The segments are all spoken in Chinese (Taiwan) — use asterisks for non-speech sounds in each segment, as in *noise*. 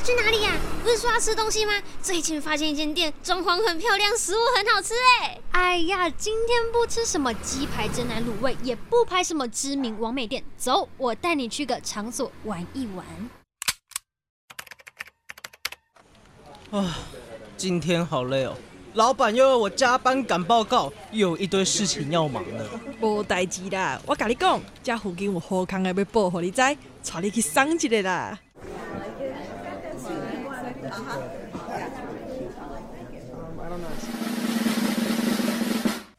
去哪裡呀、啊？不是說要吃東西嗎？最近發現一間店，裝潢很漂亮，食物很好吃、欸、哎！呀，今天不吃什麼雞排、真南滷味，也不拍什麼知名網美店，走，我帶你去個場所玩一玩。啊，今天好累哦、喔，老闆又要我加班趕報告，又有一堆事情要忙呢。無代志啦，我甲你講，這附近有好康的，要報給你知，帶你去賞一個啦。uh、嗯、 *music*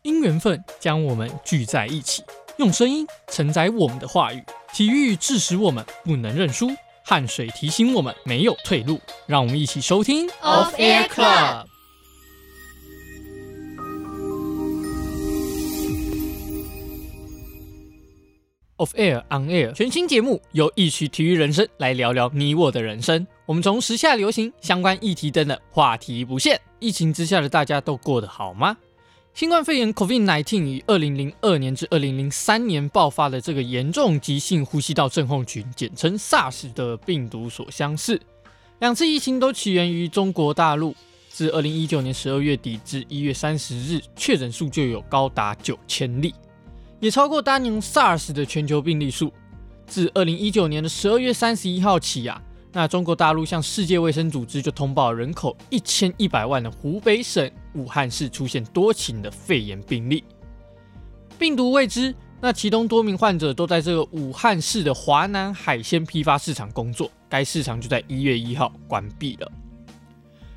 因緣分將我們聚在一起，用聲音承載我們的話語。體育致使我們不能認輸，汗水提醒我們沒有退路。讓我們一起收聽 Off Air Club。Of air on air，全新節目由一曲體育人生來聊聊你我的人生。我們從時下流行相關議題等的話題不限。疫情之下的大家都過得好嗎？新冠肺炎 （COVID-19） 於二零零二年至二零零三年爆發的這個嚴重急性呼吸道症候群（簡稱 SARS） 的病毒所相似。兩次疫情都起源於中國大陸。自二零一九年十二月底至一月三十日，確診數就有高達九千例。也超過當年 SARS 的全球病例數。自二零一九年的十二月三十一號起啊，那中國大陸向世界衛生組織就通報人口一千一百萬的湖北省武漢市出現多起的肺炎病例，病毒未知。那其中多名患者都在這個武漢市的華南海鮮批發市場工作，該市場就在一月一號關閉了。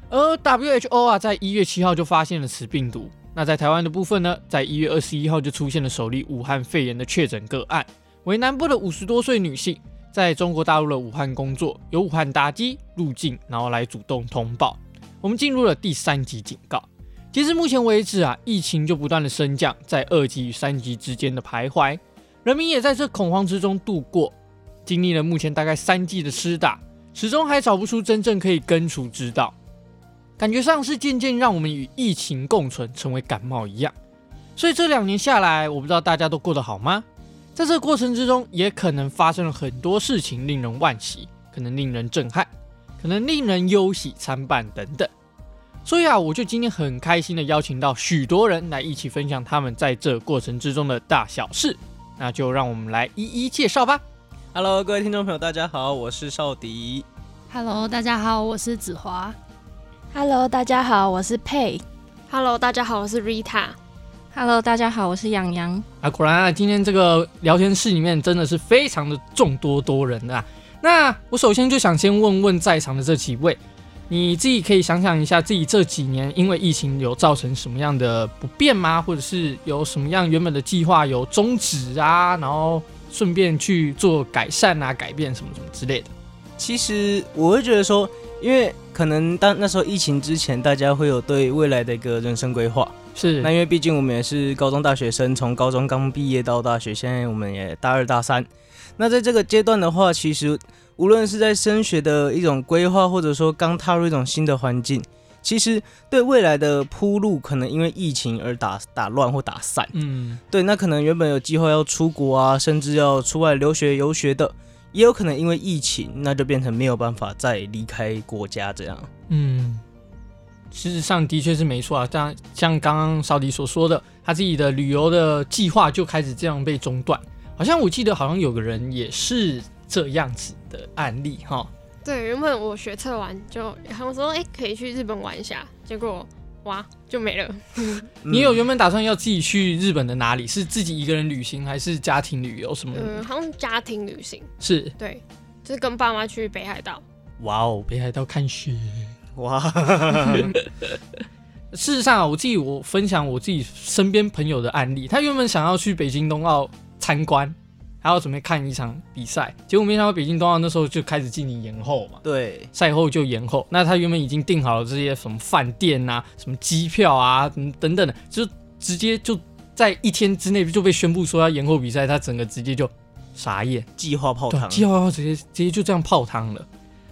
而 WHO 啊，在一月七號就發現了此病毒。那在台灣的部分呢，在一月二十一號就出現了首例武漢肺炎的確診個案，為南部的五十多歲女性，在中國大陸的武漢工作，由武漢搭機入境，然後來主動通報。我們進入了第三級警告。截至目前為止啊，疫情就不斷的升降，在二級與三級之間的徘徊，人民也在這恐慌之中度過，經歷了目前大概三劑的施打，始終還找不出真正可以根除之道。感覺上是漸漸讓我們與疫情共存，成為感冒一樣。所以這兩年下來，我不知道大家都過得好嗎？在這過程之中，也可能發生了很多事情，令人惋惜、可能令人震撼，可能令人憂喜參半等等。所以啊，我就今天很開心的邀請到許多人來一起分享他們在這過程之中的大小事。那就讓我們來一一介紹吧。Hello，各位聽眾朋友，大家好，我是邵迪。Hello，大家好，我是子華。Hello，大家好，我是佩。Hello，大家好，我是 Rita。Hello，大家好，我是楊洋。啊，果然啊，今天這個聊天室裡面真的是非常的眾多多人啊。那我首先就想先問問在場的這幾位，你自己可以想想一下，自己這幾年因為疫情有造成什麼樣的不便嗎？或者是有什麼樣原本的計劃有終止啊，然後順便去做改善啊、改變什麼什麼之類的。其實我會覺得說，因為可能當那時候疫情之前，大家會有對未來的一個人生規劃。是，那因為畢竟我們也是高中大學生，從高中剛畢業到大學，現在我們也大二大三。那在這個階段的話，其實無論是在升學的一種規劃，或者說剛踏入一種新的環境，其實對未來的鋪路，可能因為疫情而打打亂或打散。嗯，對，那可能原本有機會要出國啊，甚至要出外留學遊學的。也有可能因為疫情，那就變成沒有辦法再離開國家這樣。嗯，事實上的確是沒錯啊。像像剛剛邵迪所說的，他自己的旅遊的計劃就開始這樣被中斷。好像我記得好像有個人也是這樣子的案例哈。對，原本我學測完就他們說哎可以去日本玩一下，結果。哇，就沒了。 *laughs* 你有原本打算要自己去日本的哪裡？是自己一個人旅行，還是家庭旅遊什麼？嗯，好像家庭旅行是，對，就是跟爸媽去北海道。哇哦，北海道看雪，哇、wow！ *laughs* *laughs* 事實上啊，我自己我分享我自己身邊朋友的案例，他原本想要去北京冬奧參觀。還要準備看一場比賽，結果沒想到北京冬奧那時候就開始進行延後嘛。對，賽後就延後。那他原本已經訂好了這些什麼飯店啊、什麼機票啊、等等的，就直接就在一天之內就被宣布說要延後比賽，他整個直接就傻眼，計劃泡湯。對，計劃泡湯直接直接就這樣泡湯了。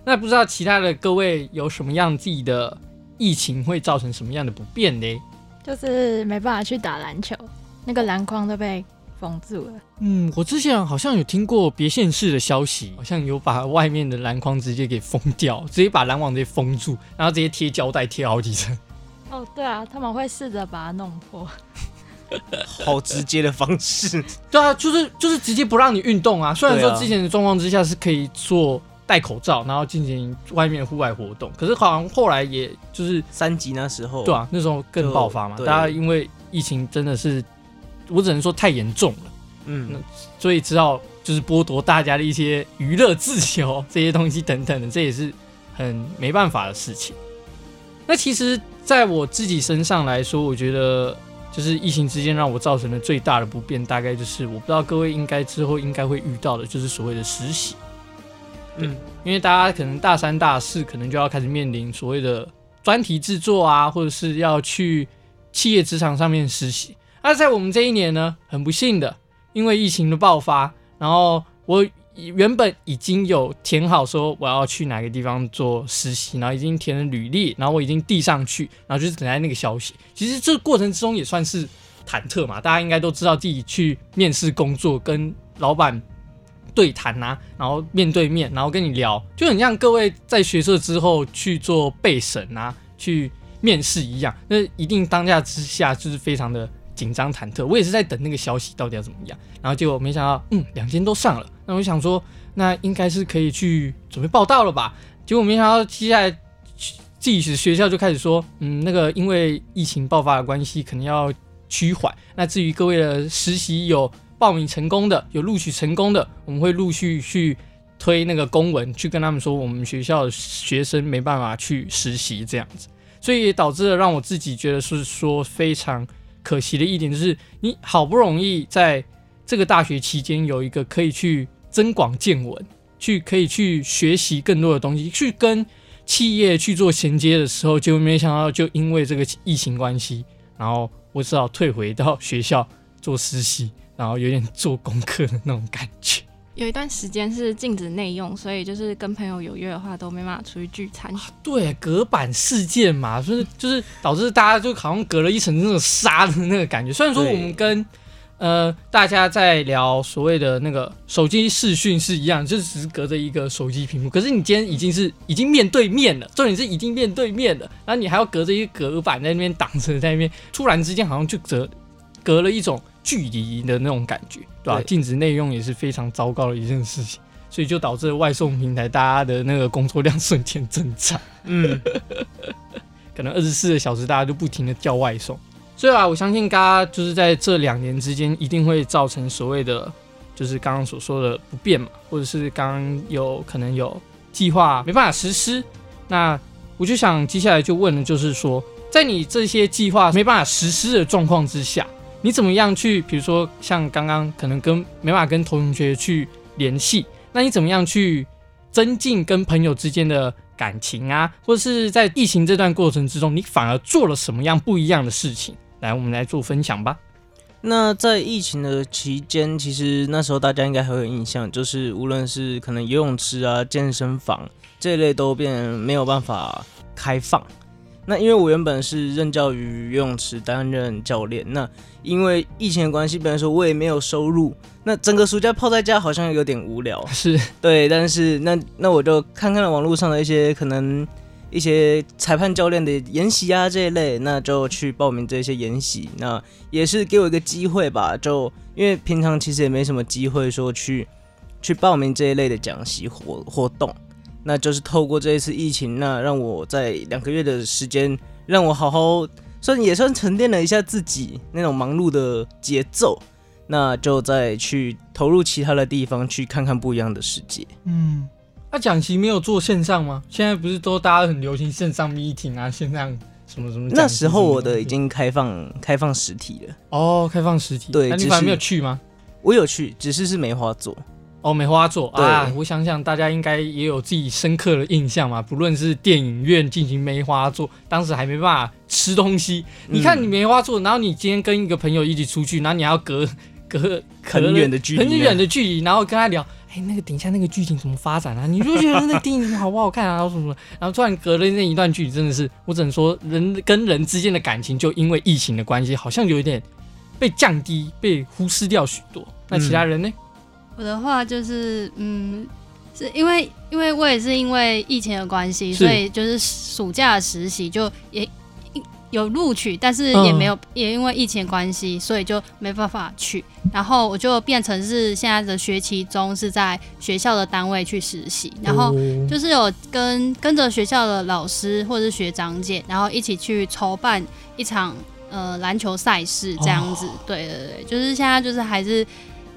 那不知道其他的各位有什麼樣自己的疫情會造成什麼樣的不便呢？就是沒辦法去打籃球，那個籃筐都被。封住了。嗯，我之前好像有聽過別縣市的消息，好像有把外面的籃筐直接給封掉，直接把籃網直接封住，然後直接貼膠帶貼好幾層。哦，對啊，他們會試着把它弄破。 *laughs* 好直接的方式。 *laughs* 對啊，就是就是直接不讓你運動啊。雖然說之前的狀況之下是可以做戴口罩，啊、然後進行外面戶外活動，可是好像後來也就是三級那時候。對啊，那時候更爆發嘛，大家因為疫情真的是。我只能說太嚴重了，嗯，那所以知道就是剝奪大家的一些娛樂自由這些東西等等的，這也是很沒辦法的事情。那其實在我自己身上來說，我覺得就是疫情之間讓我造成的最大的不便，大概就是我不知道各位應該之後應該會遇到的，就是所謂的實習。嗯，因為大家可能大三大四可能就要開始面臨所謂的專題制作啊，或者是要去企業職場上面實習。那、啊、在我們這一年呢，很不幸的，因為疫情的爆發，然後我原本已經有填好說我要去哪個地方做實習，然後已經填了履歷，然後我已經遞上去，然後就等待那個消息。其實這個過程之中也算是忐忑嘛，大家應該都知道自己去面試工作，跟老板對談吶、啊，然後面對面，然後跟你聊，就很像各位在學測之後去做備審吶、啊，去面試一樣。那一定當下之下就是非常的。緊張忐忑，我也是在等那個消息到底要怎麼樣。然後結果沒想到，嗯，兩間都上了。那我就想說，那應該是可以去準備報到了吧？結果沒想到接下來，自己學校就開始說，嗯，那個因為疫情爆發的關係，可能要趨緩。那至於各位的實習有報名成功的，有錄取成功的，我們會陸續去推那個公文，去跟他們說我們學校的學生沒辦法去實習這樣子。所以也導致了讓我自己覺得是說，說非常。可惜的一點就是，你好不容易在這個大學期間有一個可以去增廣見聞，去可以去學習更多的東西，去跟企業去做銜接的時候，就沒想到就因為這個疫情關係，然後我只好退回到學校做實習，然後有點做功課的那種感覺。有一段時間是禁止內用，所以就是跟朋友有約的話都沒辦法出去聚餐。啊，對，隔板事件嘛，就是 *laughs* 就是導致大家就好像隔了一層那個紗的那個感覺。雖然說我們跟呃大家在聊所謂的那個手機視訊是一樣，就只是隔着一個手機屏幕，可是你今天已經是已經面對面了，重點是已經面對面了，然後你還要隔着一個隔板在那邊擋着，在那邊突然之間好像就隔隔了一種。距離的那種感覺，對吧，啊？禁止內用也是非常糟糕的一件事情，所以就導致外送平台大家的那個工作量瞬間增長。嗯， *laughs* 可能二十四個小時大家就不停的叫外送。所以啊，我相信大家就是在這兩年之間，一定會造成所謂的就是剛剛所說的不便嘛，或者是剛剛有可能有計劃沒辦法實施。那我就想接下來就問的就是說，在你這些計劃沒辦法實施的狀況之下。你怎麼樣去？比如說，像剛剛可能跟沒辦法跟同學去聯繫，那你怎麼樣去增進跟朋友之間的感情啊？或者是在疫情這段過程之中，你反而做了什麼樣不一樣的事情？來，我們來做分享吧。那在疫情的期間，其實那時候大家應該很有印象，就是無論是可能游泳池啊、健身房這一類都變沒有辦法開放。那因為我原本是任教於游泳池擔任教練，那因為疫情的關係，本來說我也沒有收入，那整個暑假泡在家好像有點無聊，是，對，但是那那我就看看了網絡上的一些可能一些裁判教練的研習啊這一類，那就去報名這些研習，那也是給我一個機會吧，就因為平常其實也沒什麼機會說去去報名這一類的講習活活動。那就是透過這一次疫情，那讓我在兩個月的時間，讓我好好算也算沉澱了一下自己那種忙碌的節奏，那就再去投入其他的地方，去看看不一樣的世界。嗯，那講習沒有做線上嗎？現在不是都大家很流行線上 meeting 啊，線上什麼什麼？那時候我的已經開放了開放實體了。哦，開放實體。對，啊、你來沒有去嗎？我有去，只是是梅花座。哦，梅花座啊！我想想，大家應該也有自己深刻的印象嘛。不論是電影院進行梅花座，當時還沒辦法吃東西。嗯、你看，你梅花座，然後你今天跟一個朋友一起出去，然後你還要隔隔很遠的距離，很遠的距離，啊，然後跟他聊，哎，那個等一下那個劇情怎麼發展啊？你就覺得那個電影好不好看啊？然 *laughs* 後什麼？然後突然隔了那一段距離，真的是，我只能說，人跟人之間的感情，就因為疫情的關係，好像有一點被降低，被忽視掉許多。那其他人呢？嗯我的話就是，嗯，是因為因為我也是因為疫情的關係，所以就是暑假實習就也有錄取，但是也沒有、嗯、也因為疫情的關係，所以就沒辦法去。然後我就變成是現在的學期中是在學校的單位去實習，嗯、然後就是有跟跟着學校的老師或者是學長姐，然後一起去籌辦一場呃籃球賽事這樣子、哦。對對對，就是現在就是還是。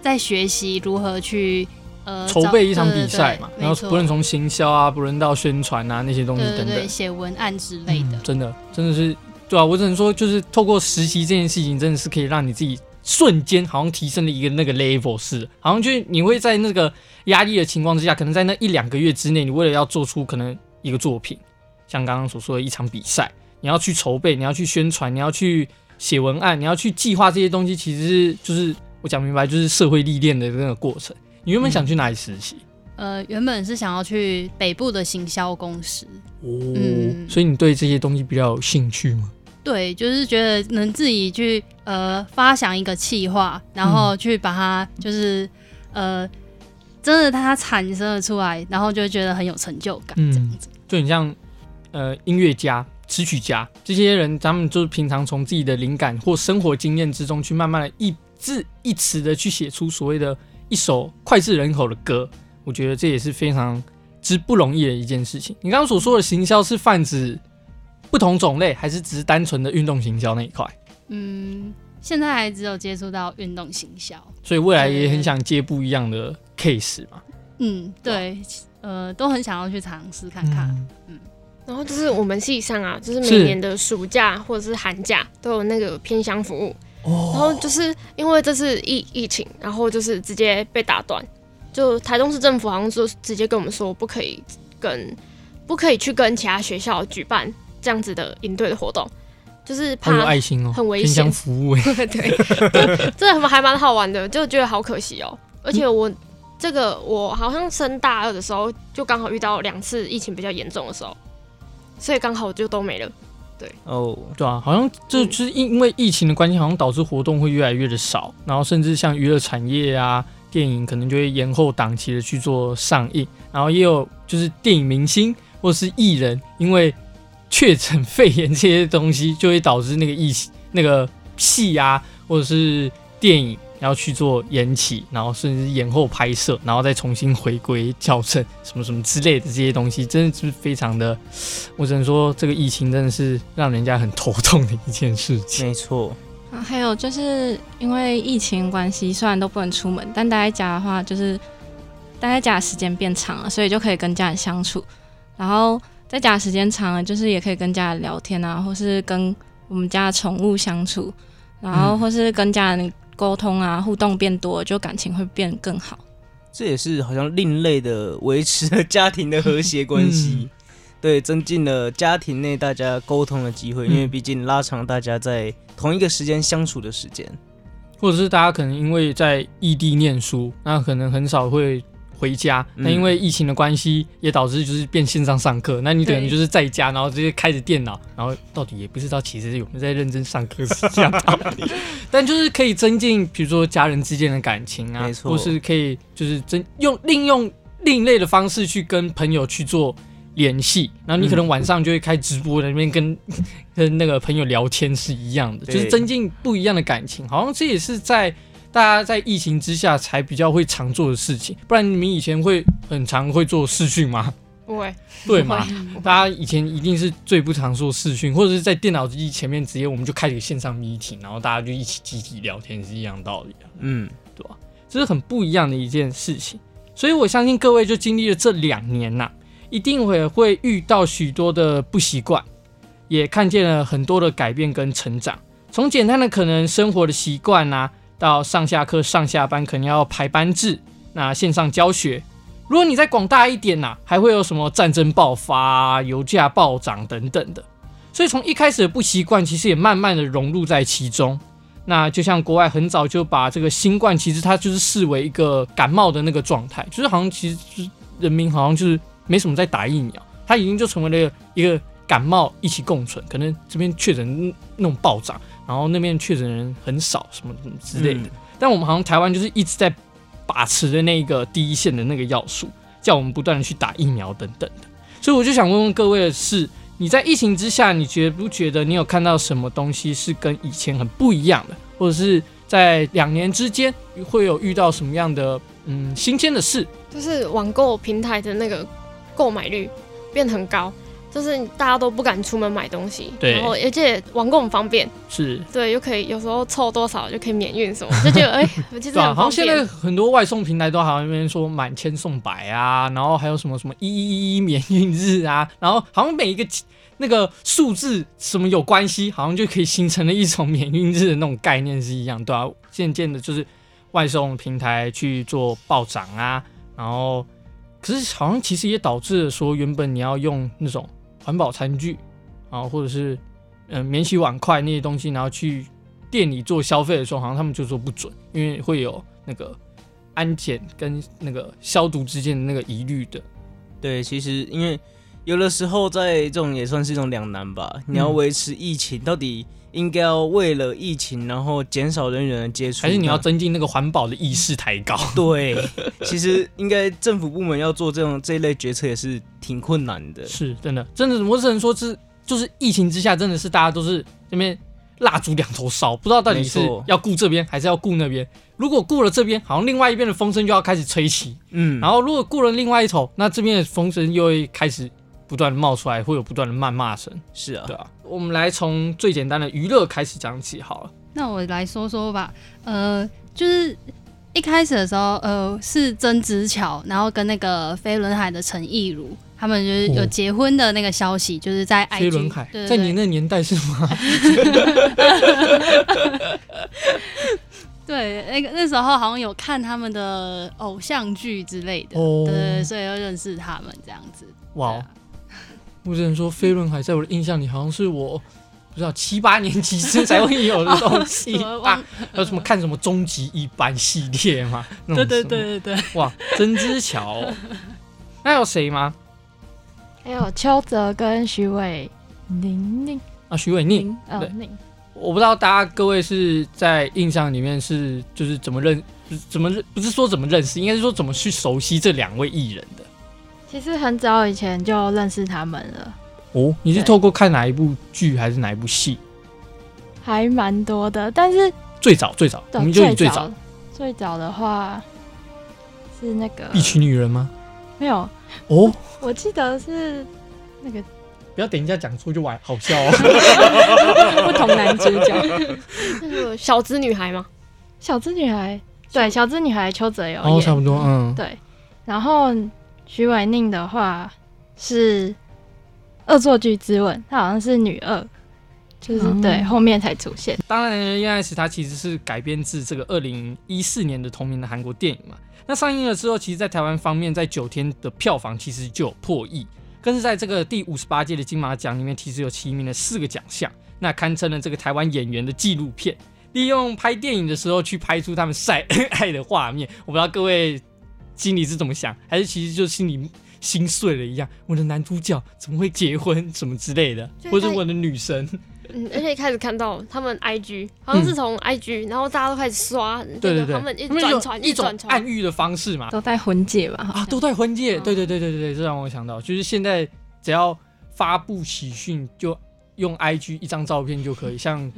在學習如何去呃籌備一場比賽嘛，對對對，然後不論從行銷啊，對對對，不論到宣傳啊對對對，那些東西等等，寫文案之類的，嗯，真的真的是對啊。我只能說就是透過實習這件事情，真的是可以讓你自己瞬間好像提升了一個那個 level 似的，好像就你會在那個壓力的情況之下，可能在那一兩個月之內，你為了要做出可能一個作品，像剛剛所說的一場比賽，你要去籌備，你要去宣傳，你要去寫文案，你要去計劃這些東西，其實是就是。我講明白，就是社會歷練的那個過程。你原本想去哪裡實習？呃，原本是想要去北部的行銷公司。哦、嗯，所以你對這些東西比較有興趣嗎？對，就是覺得能自己去呃發想一個企劃，然後去把它、嗯、就是呃真的它產生了出來，然後就覺得很有成就感。嗯、這樣子，就你像呃音樂家、詞曲家這些人，他們就是平常從自己的靈感或生活經驗之中去慢慢的一。一字一詞的去寫出所謂的一首膾炙人口的歌，我覺得這也是非常之不容易的一件事情。你剛剛所說的行銷是泛指不同種類，還是只是單純的運動行銷那一塊？嗯，現在還只有接觸到運動行銷，所以未來也很想接不一樣的 case 嘛。嗯，對，呃，都很想要去嘗試看看嗯。嗯，然後就是我們系上啊，就是每年的暑假或者是寒假都有那個偏鄉服務。然後就是因為這次疫疫情，哦、然後就是直接被打斷，就台東市政府好像說直接跟我們說不可以跟不可以去跟其他學校舉辦這樣子的營隊的活動，就是怕很危險愛，哦、 *laughs* 對對，這個還蠻好玩的，就覺得好可惜哦，而且我、嗯、這個我好像升大二的時候就剛好遇到兩次疫情比較嚴重的時候，所以剛好就都沒了。對哦，對啊，好像這就是因因為疫情的關係，好像導致活動會越來越的少，然後甚至像娛樂產業啊，電影可能就會延後檔期的去做上映，然後也有就是電影明星或是藝人，因為確診肺炎這些東西，就會導致那個疫那個戲啊或者是電影。要去做延期，然後甚至是延後拍攝，然後再重新回歸校正，什麼什麼之類的這些東西，真的是非常的。我只能說，這個疫情真的是讓人家很頭痛的一件事情。沒錯，啊、還有就是因為疫情關係，雖然都不能出門，但待在家的話，就是待在家的時間變長了，所以就可以跟家人相處。然後在家時間長了，就是也可以跟家人聊天啊，或是跟我們家的寵物相處，然後或是跟家人、嗯。溝通啊，互動變多，就感情會變更好。這也是好像另類的維持了家庭的和諧關係。 *laughs* 嗯，對，增進了家庭內大家溝通的機會。因為畢竟拉長大家在同一個時間相處的時間，或者是大家可能因為在異地念書，那可能很少會。回家，那因為疫情的關係、嗯，也導致就是變線上上課。那你可能就是在家，然後直接開着電腦，然後到底也不知道其實有沒有在認真上課是這樣道理。 *laughs* 但就是可以增進，比如說家人之間的感情啊，或是可以就是增用利用另類的方式去跟朋友去做聯繫。然後你可能晚上就會開直播在那邊跟、嗯、跟那個朋友聊天是一樣的，就是增進不一樣的感情。好像這也是在。大家在疫情之下才比較會常做的事情，不然你們以前會很常會做視訊嗎？不會，對嗎？大家以前一定是最不常做視訊，或者是在電腦機前面直接我們就開個線上 meeting，然後大家就一起集體聊天是一樣的道理的。嗯，對吧？這是很不一樣的一件事情，所以我相信各位就經歷了這兩年吶、啊，一定會會遇到許多的不習慣，也看見了很多的改變跟成長，從簡單的可能生活的習慣吶，到上下課、上下班，可能要排班制，那線上教學。如果你再廣大一點吶、啊，還會有什麼戰爭爆發、油價暴漲等等的。所以從一開始的不習慣，其實也慢慢的融入在其中。那就像國外很早就把這個新冠，其實它就是視為一個感冒的那個狀態，就是好像其實人民好像就是沒什麼在打疫苗，它已經就成為了一個。感冒一起共存，可能這邊確診那種暴漲，然後那邊確診人很少，什麼什麼之類的。嗯、但我們好像台灣就是一直在把持著那個第一線的那個要素，叫我們不斷的去打疫苗等等的。所以我就想問問各位的是，你在疫情之下，你覺不覺得你有看到什麼東西是跟以前很不一樣的，或者是在兩年之間會有遇到什麼樣的嗯新鮮的事？就是網購平台的那個購買率變很高。就是大家都不敢出門買東西，對，然後而且網購很方便，是對，又可以有時候湊多少就可以免運什麼， *laughs* 就覺得哎，我覺得好像現在很多外送平台都好像那邊說滿千送百啊，然後還有什麼什麼一一一免運日啊，然後好像每一個那個數字什麼有關係，好像就可以形成了一種免運日的那種概念是一樣，對吧，啊？漸漸的，就是外送平台去做暴漲啊，然後可是好像其實也導致了說原本你要用那種。環保餐具，啊，或者是嗯、呃，免洗碗筷那些東西，然後去店裡做消費的時候，好像他們就說不准，因為會有那個安檢跟那個消毒之間的那個疑慮的。對，其實因為。有的時候，在這種也算是一種兩難吧。你要維持疫情，嗯、到底應該要為了疫情，然後減少人員的接觸，還是你要增進那個環保的意識抬高？對， *laughs* 其實應該政府部門要做這種這一類決策也是挺困難的。是真的，真的，我只能說、就是，就是疫情之下，真的是大家都是這邊蠟燭兩頭燒，不知道到底是要顧這邊還是要顧那邊。如果顧了這邊，好像另外一邊的風聲就要開始吹起。嗯，然後如果顧了另外一頭，那這邊的風聲又會開始。不斷的冒出來，會有不斷的謾罵聲，是啊，對啊。我們來從最簡單的娛樂開始講起，好了。那我來說說吧，呃，就是一開始的時候，呃，是曾之喬，然後跟那個飛輪海的辰亦儒，他們就是有結婚的那個消息，哦、就是在飛輪海，對對在你那年代是嗎？ *laughs* *laughs* *laughs* 對，那個那時候好像有看他們的偶像劇之類的，哦、對,對所以要認識他們這樣子。哇、哦。我只能說，飛輪海在我的印象裡好像是我不知道七八年級時才會有的東西 *laughs* 啊，還有什麼看什麼《終極一班》系列嗎？對對對對對，哇，曾之喬、哦， *laughs* 那還有誰嗎？還有邱澤跟許瑋甯寧啊，許瑋甯啊寧，我不知道大家各位是在印象裡面是就是怎麼認，怎麼認，不是說怎麼認識，應該是說怎麼去熟悉這兩位藝人的。其實很早以前就認識他們了。哦，你是透過看哪一部劇還是哪一部戲？還蠻多的，但是最早最早，我們就你就最早最早的話是那個一群女人嗎？沒有哦，我記得是那個不要等一下講錯就玩好笑，哦。 *laughs* *laughs* 不同男主角那個 *laughs* *laughs* 小資女孩嗎？小資女孩對，小資女孩邱澤友哦，差不多嗯，對，然後。徐婉寧的話是“惡作劇之吻”，他好像是女二，就是對、嗯、後面才出現。當然，《戀愛時》它其實是改編自這個二零一四年的同名的韓國電影嘛。那上映了之後，其實，在台灣方面，在九天的票房其實就有破億，更是在這個第五十八屆的金馬獎裡面，其實有提名了四個獎項，那堪稱了這個台灣演員的紀錄片。利用拍電影的時候去拍出他們曬恩 *laughs* 愛的畫面，我不知道各位。心裡是怎麼想，還是其實就心裡心碎了一樣？我的男主角怎麼會結婚，什麼之類的，或者我的女神？而、嗯、且開始看到他們 IG，、嗯、好像是從 IG，然後大家都開始刷，嗯這個、對對對，他們一轉傳一轉傳，暗喻的方式嘛，都帶婚戒嘛，啊，都帶婚戒，對對對對對，這讓我想到，就是現在只要發布喜訊，就用 IG 一張照片就可以， *laughs* 像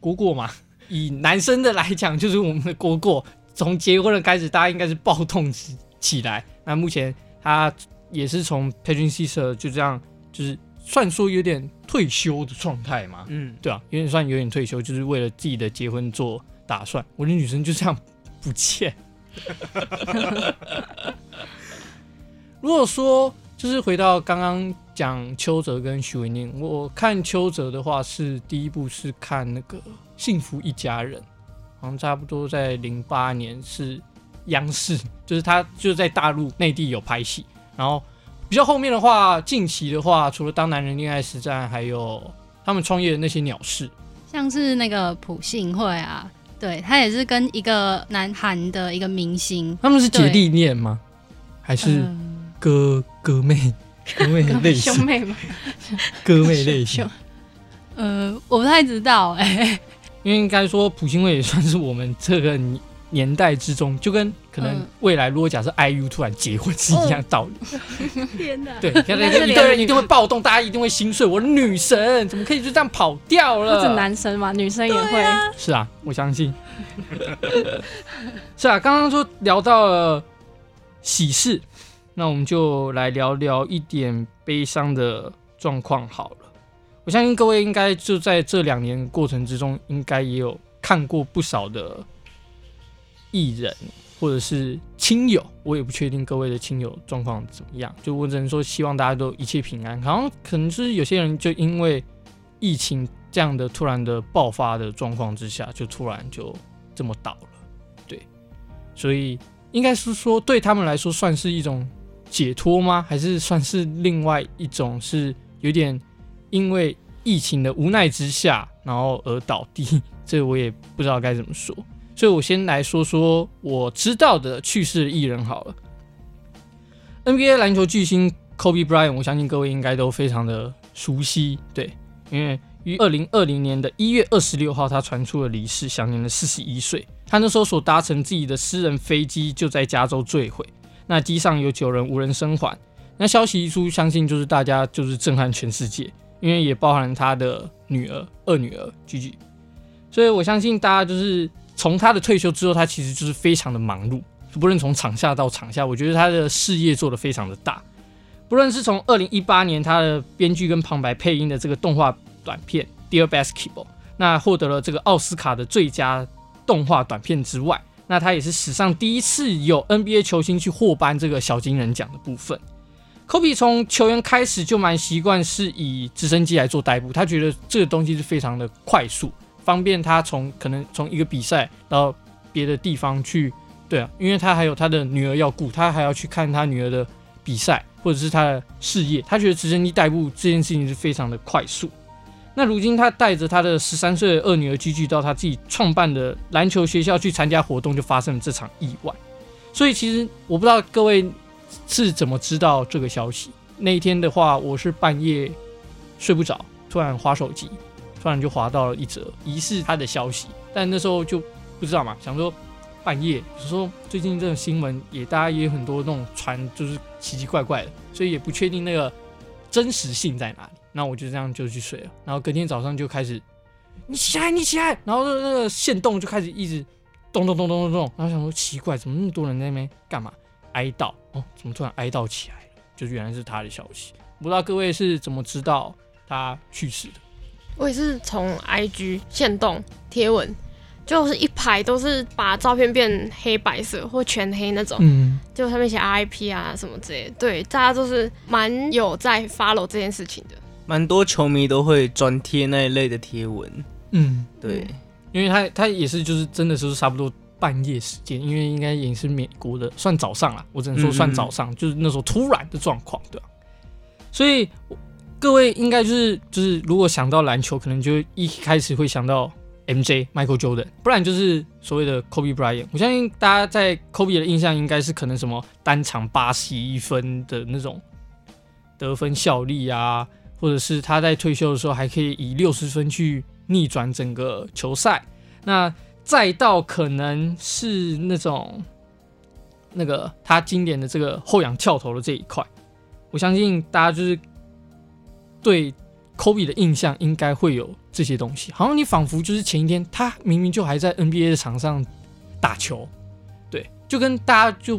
果果嘛，以男生的來講，就是我們的果果。從結婚的開始，大家應該是暴動起起來。那目前他也是從 Page Six 就這樣，就是算說有點退休的狀態嘛。嗯，對啊，有點算有點退休，就是為了自己的結婚做打算。我的女生就這樣不見。 *laughs* *laughs* 如果說就是回到剛剛講邱澤跟許瑋甯，我看邱澤的話是第一部是看那個《幸福一家人》。差不多在零八年是央視，就是他就在大陸內地有拍戲。然後比較後面的話，近期的話，除了《當男人戀愛時》戰，還有他們創業的那些鳥事，像是那個朴信惠啊，對他也是跟一個南韓的一個明星，他們是姐弟戀嗎？還是哥、呃、哥妹？因妹類似兄妹嘛，哥妹類型。 *laughs* 呃，我不太知道哎、欸。因為應該說，朴信惠也算是我們這個年代之中，就跟可能未來、嗯、如果假設 IU 突然結婚是一樣的道理。嗯、天吶，對，一個人一定會暴動，大家一定會心碎。我的女神怎麼可以就這樣跑掉了？不止男生嘛，女生也會、啊。是啊，我相信。 *laughs* 是啊，剛剛說聊到了喜事，那我們就來聊聊一點悲傷的狀況好了。我相信各位應該就在這兩年過程之中，應該也有看過不少的藝人或者是親友。我也不確定各位的親友狀況怎麼樣，就我只能說，希望大家都一切平安。好像可能是有些人就因為疫情這樣的突然的爆發的狀況之下，就突然就這麼倒了，對。所以應該是說對他們來說算是一種解脫嗎？還是算是另外一種是有點？因為疫情的無奈之下，然後而倒地，這個、我也不知道該怎麼說，所以我先來說說我知道的去世的藝人好了。NBA 籃球巨星 Kobe Bryant，我相信各位應該都非常的熟悉，對，因為於二零二零年的一月二十六號，他傳出了離世，享年了四十一歲。他那時候所搭乘自己的私人飛機就在加州墜毀，那機上有九人無人生還。那消息一出，相信就是大家就是震撼全世界。因為也包含了他的女兒、二女兒 Gigi，所以我相信大家就是從他的退休之後，他其實就是非常的忙碌，不論從場下到場下，我覺得他的事業做得非常的大。不論是從2018年他的編劇跟旁白配音的這個動畫短片《Dear Basketball》，那獲得了這個奧斯卡的最佳動畫短片之外，那他也是史上第一次有 NBA 球星去獲頒這個小金人獎的部分。科比從球員開始就蠻習慣是以直升機來做代步，他覺得這個東西是非常的快速，方便他從可能從一個比賽到別的地方去。對啊，因為他還有他的女兒要顧，他還要去看他女兒的比賽或者是他的事業，他覺得直升機代步這件事情是非常的快速。那如今他帶着他的十三歲的二女兒 Gigi 到他自己創辦的籃球學校去參加活動，就發生了這場意外。所以其實我不知道各位。是怎麼知道這個消息？那一天的話，我是半夜睡不着，突然滑手機，突然就滑到了一則疑似他的消息，但那時候就不知道嘛，想說半夜，說最近這種新聞也大家也有很多那種傳，就是奇奇怪怪的，所以也不確定那個真實性在哪裡。那我就這樣就去睡了，然後隔天早上就開始你起來，你起來，然後那個限動就開始一直咚咚，咚咚咚咚咚咚，然後想說奇怪，怎麼那麼多人在那邊幹嘛？哀悼哦，怎麼突然哀悼起來，就是原來是他的消息，不知道各位是怎麼知道他去世的？我也是從 IG 限動貼文，就是一排都是把照片變黑白色或全黑那種，嗯，就上面寫 RIP 啊什麼之類的，對，大家都是蠻有在 follow 這件事情的，蠻多球迷都會專貼那一類的貼文，嗯，對，因為他他也是就是真的是差不多。半夜時間，因為應該也是美國的，算早上了。我只能說算早上，嗯嗯，就是那時候突然的狀況，對吧、啊？所以各位應該就是就是，就是、如果想到籃球，可能就一開始會想到 MJ Michael Jordan，不然就是所謂的 Kobe Bryant。我相信大家在 Kobe 的印象應該是可能什麼單場八十一分的那種得分效力啊，或者是他在退休的時候還可以以六十分去逆轉整個球賽，那。再到可能是那種，那個他經典的這個後仰跳投的這一塊，我相信大家就是對 Kobe 的印象應該會有這些東西。好像你仿佛就是前一天，他明明就還在 NBA 的場上打球，對，就跟大家就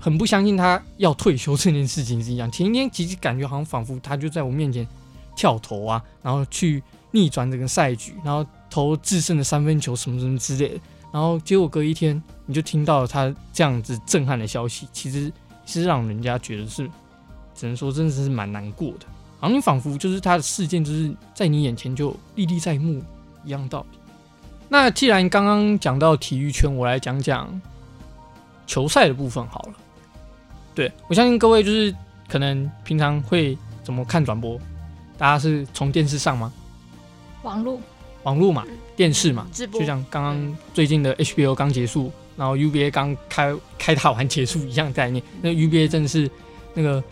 很不相信他要退休這件事情是一樣。前一天其實感覺好像仿佛他就在我面前跳投啊，然後去逆轉整個賽局，然後。投致勝的三分球什麼什麼之類的，然後結果隔一天你就聽到他這樣子震撼的消息其實，其實是讓人家覺得是，只能說真的是蠻難過的。好像仿佛就是他的事件就是在你眼前就歷歷在目一樣道理。那既然剛剛講到體育圈，我來講講球賽的部分好了。對我相信各位就是可能平常會怎麼看轉播，大家是從電視上嗎？網絡。網絡嘛，電視嘛，就像剛剛最近的 HBL 剛結束，然後 UBA 剛開開打完結束一樣的概念。那 UBA 真的是那個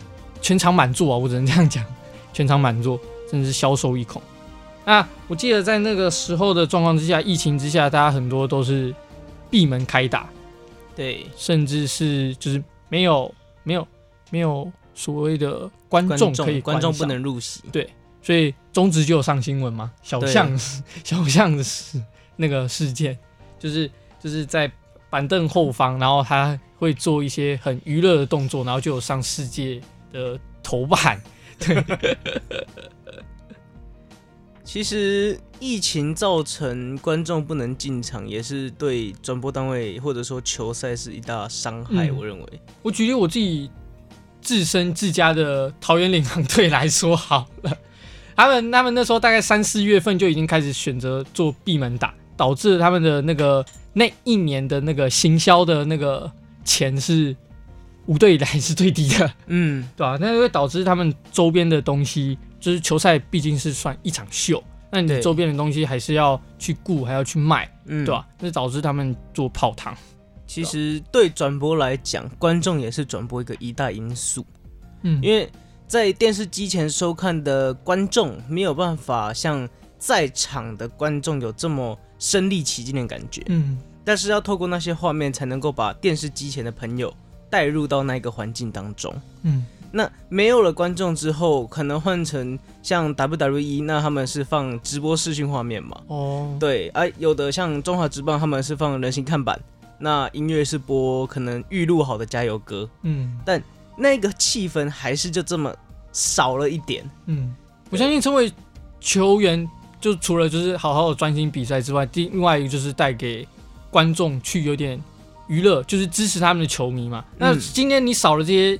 全場滿座啊，我只能這樣講，全場滿座，真是銷售一空。啊，我記得在那個時候的狀況之下，疫情之下，大家很多都是閉門開打，對，甚至是就是沒有沒有沒有所謂的觀眾可以觀眾不能入席，對。所以中職就有上新聞嘛，小象、啊、小象的那個事件，就是就是在板凳後方，然後他會做一些很娛樂的動作，然後就有上世界的頭版。對，其實疫情造成觀眾不能進場，也是對轉播單位或者說球賽是一大傷害。嗯、我認為，我舉例我自己自身自家的桃園領航隊來說好了。他們他們那時候大概三四月份就已經開始選擇做閉門打，導致他們的那個那一年的那個行銷的那個錢是五隊以來是最低的，嗯，對吧、啊？那就會導致他們周邊的東西，就是球賽畢竟是算一場秀，那你周邊的東西還是要去顧，還要去賣，嗯、對吧、啊？那導致他們做泡湯。其實對轉播來講，觀眾也是轉播一個一大因素，嗯，因為。在電視機前收看的觀眾沒有辦法像在場的觀眾有這麼身歷其境的感覺，嗯，但是要透過那些畫面才能夠把電視機前的朋友帶入到那個環境當中，嗯，那沒有了觀眾之後，可能換成像 WWE，那他們是放直播視訊畫面嘛，哦，對，啊，有的像中華職棒，他們是放人形看板，那音樂是播可能預錄好的加油歌，嗯，但。那個氣氛還是就這麼少了一點。嗯，我相信成為球員，就除了就是好好的專心比賽之外，另另外一個就是帶給觀眾去有點娛樂，就是支持他們的球迷嘛。嗯、那今天你少了這些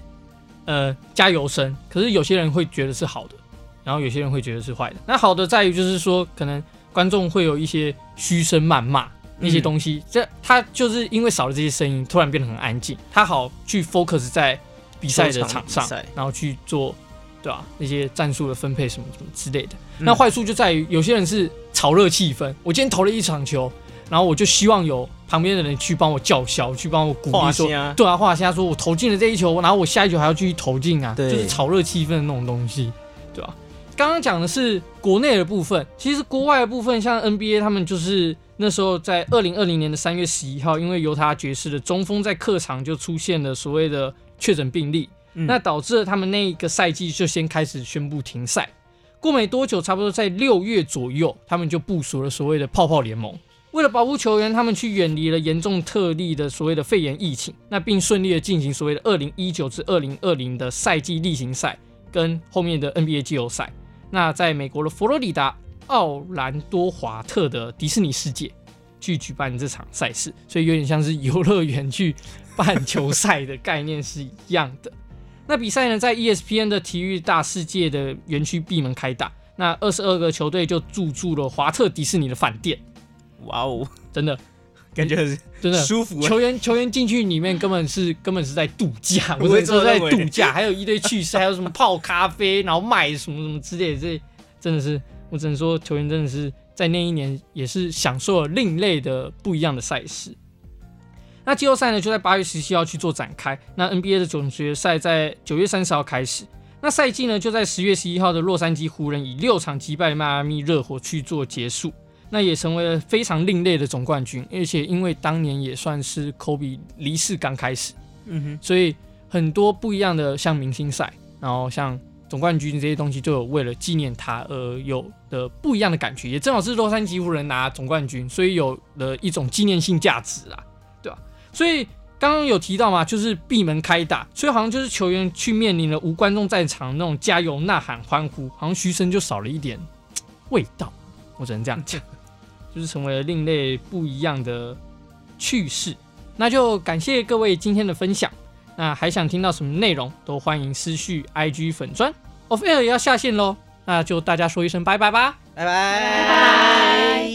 呃加油聲，可是有些人會覺得是好的，然後有些人會覺得是壞的。那好的在於就是說，可能觀眾會有一些噓聲、謾罵那些東西，這、嗯、他就是因為少了這些聲音，突然變得很安靜，他好去 focus 在。比賽的場上場的，然後去做，對吧？那些戰術的分配什麼什麼之類的。嗯、那壞處就在於有些人是炒熱氣氛。我今天投了一場球，然後我就希望有旁邊的人去幫我叫囂，去幫我鼓勵說，說，對啊，話在說，說，我投進了這一球，然後我下一球還要繼續投進啊對，就是炒熱氣氛的那種東西，對吧？啊？剛剛講的是國內的部分，其實國外的部分，像 NBA，他們就是那時候在二零二零年的三月十一號，因為猶他爵士的中鋒在客場就出現了所謂的。確診病例，那導致了他們那個賽季就先開始宣布停賽。過沒多久，差不多在六月左右，他們就部署了所謂的泡泡聯盟，為了保護球員，他們去遠離了嚴重特例的所謂的肺炎疫情。那並順利的進行所謂的二零一九至二零二零的賽季例行賽跟後面的 NBA 季後賽。那在美國的佛羅里達奧蘭多華特的迪士尼世界，去舉辦這場賽事，所以有點像是遊樂園去辦球賽的概念是一樣的。那比賽呢，在 ESPN 的體育大世界的園區閉門開打。那二十二個球隊就駐住，住了華特迪士尼的飯店。哇哦，真的，感覺很真的舒服。球員球員進去裡面根本是 *laughs* 根本是在度假，我不是，我這不是、就是、在度假。還有一堆趣事，還有什麼泡咖啡，然後賣什麼什麼之類的。這真的是，我只能說球員真的是。在那一年也是享受了另類的不一樣的賽事。那季後賽呢，就在八月十七號去做展開。那 NBA 的總決賽在九月三十號開始。那賽季呢，就在十月十一號的洛杉磯湖人以六場擊敗邁阿密熱火去做結束。那也成為了非常另類的總冠軍。而且因為當年也算是科比離世剛開始，嗯哼，所以很多不一樣的像明星賽，然後像。總冠軍這些東西就有為了紀念他而、呃、有的不一樣的感覺，也正好是洛杉磯湖人拿總冠軍，所以有了一種紀念性價值啦，對吧、啊？所以剛剛有提到嘛，就是閉門開打，所以好像就是球員去面臨了無觀眾在場那種加油吶喊歡呼，好像噓聲就少了一點味道，我只能這樣講，就是成為了另類不一樣的趣事。那就感謝各位今天的分享。那還想聽到什麼內容，都歡迎私信 IG 粉專。Off Air 也要下線嘍，那就大家說一聲拜拜吧，拜拜。拜拜